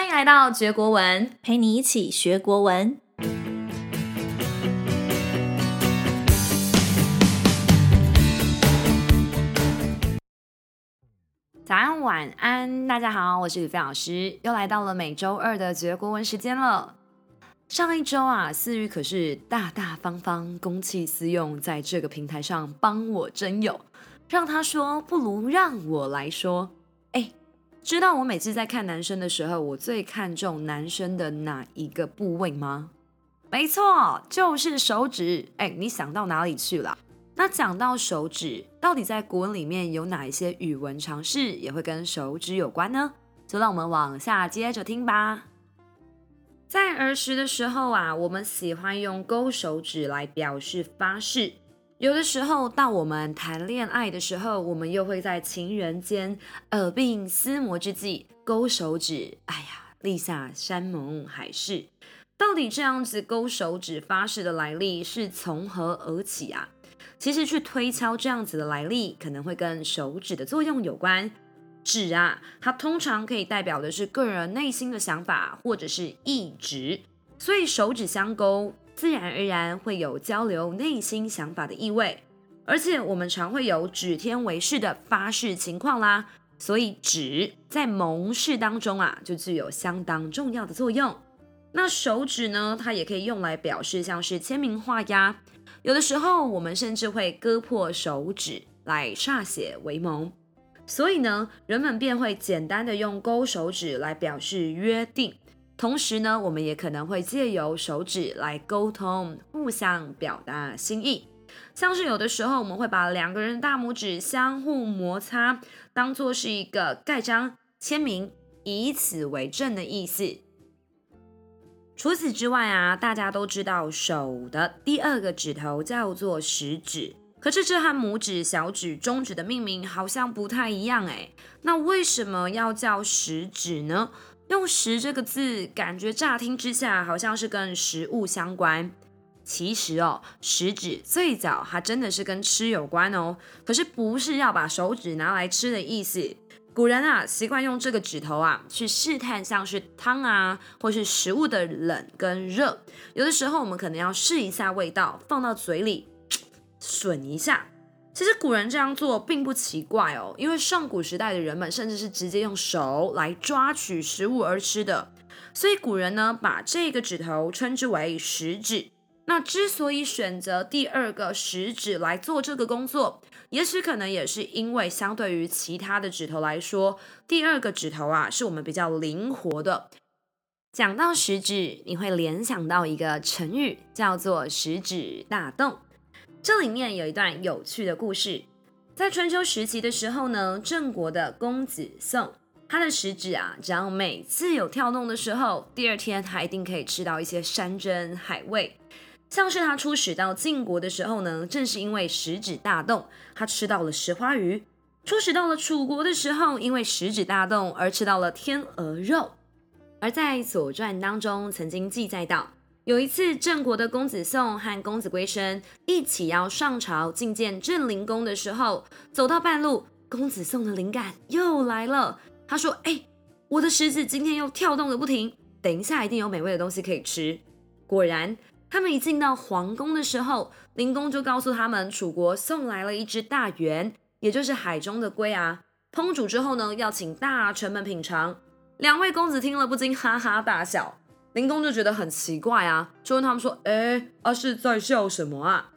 歡迎來到學國文，陪你一起學國文。早安，晚安，大家好，我是李飛老師，又來到了每周二的學國文時間了。上一周啊，思雨可是大大方方公器私用，在這個平台上幫我徵友，讓他說不如讓我來說，哎。知道我每次在看男生的時候，我最看重男生的哪一個部位嗎？沒錯，就是手指。哎，你想到哪裡去了？那講到手指，到底在古文裡面有哪一些語文常識也會跟手指有關呢？就讓我們往下接着聽吧。在兒時的時候啊，我們喜歡用勾手指來表示發誓。有的時候，到我們談戀愛的時候，我們又會在情人間耳鬢廝磨之際勾手指。哎呀，立下山盟海誓。到底這樣子勾手指發誓的來歷是從何而起啊？其實去推敲這樣子的來歷，可能會跟手指的作用有關。指啊，它通常可以代表的是個人內心的想法，或者是意志，所以手指相勾。自然而然會有交流內心想法的意味，而且我們常會有指天為誓的發誓情況啦，所以指在盟誓當中啊就具有相當重要的作用。那手指呢，它也可以用來表示像是簽名畫押，有的時候我們甚至會割破手指來歃血為盟，所以呢，人們便會簡單的用勾手指來表示約定。同時呢，我們也可能會借由手指來溝通，互相表達心意。像是有的時候，我們會把兩個人的大拇指相互摩擦，當做是一個蓋章簽名，以此為證的意思。除此之外啊，大家都知道手的第二個指頭叫做食指，可是這和拇指、小指、中指的命名好像不太一樣誒。那為什麼要叫食指呢？用“食”這個字，感覺乍聽之下好像是跟食物相關。其實哦，“食指”最早還真的是跟吃有關哦，可是不是要把手指拿來吃的意思。古人啊，習慣用這個指頭啊去試探，像是湯啊或是食物的冷跟熱。有的時候我們可能要試一下味道，放到嘴裡嘖吮一下。其實古人這樣做並不奇怪哦，因為上古時代的人們甚至是直接用手來抓取食物而吃的，所以古人呢，把這個指頭稱之為食指。那之所以選擇第二個食指來做這個工作，也許可能也是因為相對於其他的指頭來說，第二個指頭啊是我們比較靈活的。講到食指，你會聯想到一個成語，叫做食指大動。這裡面有一段有趣的故事，在春秋時期的時候呢，鄭國的公子宋，他的食指啊，只要每次有跳動的時候，第二天他一定可以吃到一些山珍海味。像是他出使到晉國的時候呢，正是因為食指大動，他吃到了石花魚；出使到了楚國的時候，因為食指大動而吃到了天鵝肉。而在《左傳》當中曾經記載到。有一次，鄭國的公子宋和公子歸生一起要上朝覲見鄭靈公的時候，走到半路，公子宋的靈感又來了。他說：“哎、欸，我的食指今天又跳動個不停，等一下一定有美味的東西可以吃。”果然，他們一進到皇宮的時候，靈公就告訴他們，楚國送來了一隻大黿，也就是海中的龜啊，烹煮之後呢，要請大臣們品嘗。兩位公子聽了不禁哈哈大笑。林公就覺得很奇怪啊，就問他們說：“哎、欸，阿、啊、是在笑什麼啊？”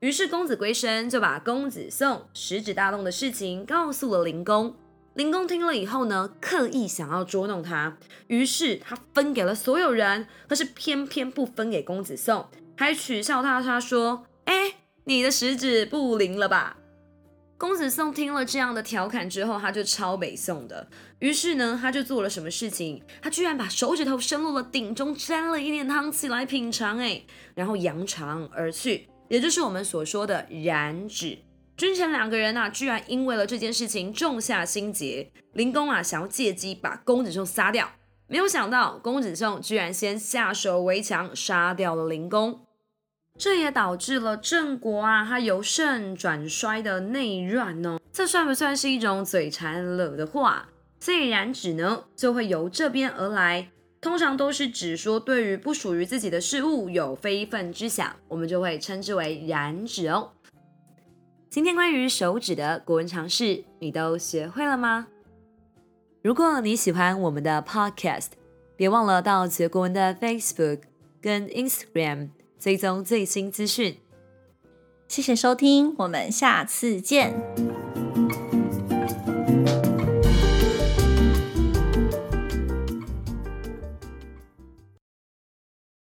於是公子歸生就把公子宋食指大動的事情告訴了靈公。靈公聽了以後呢，刻意想要捉弄他，於是他分給了所有人，可是偏偏不分給公子宋，還取笑他，他說：“哎、欸，你的食指不靈了吧？”公子宋聽了這樣的調侃之後，他就抄北宋的。於是呢，他就做了什麼事情？他居然把手指頭伸入了鼎中，沾了一點湯起來品嘗，哎，然後揚長而去。也就是我們所說的染指。君臣兩個人呢、啊，居然因為了這件事情種下心結。靈公啊，想要借機把公子宋殺掉，沒有想到公子宋居然先下手為強，殺掉了靈公。這也導致了鄭國啊，它，由盛轉衰的內亂哦。這算不算是一種嘴饞惹的禍？所以染指呢，就會由這邊而來。通常都是指說對於不屬於自己的事物有非分之想，我們就會稱之為染指哦。今天關於手指的國文常識，你都學會了嗎？如果你喜歡我們的 Podcast，別忘了到學國文的 Facebook 跟 Instagram。追蹤最新資訊，謝謝收聽，我們下次見。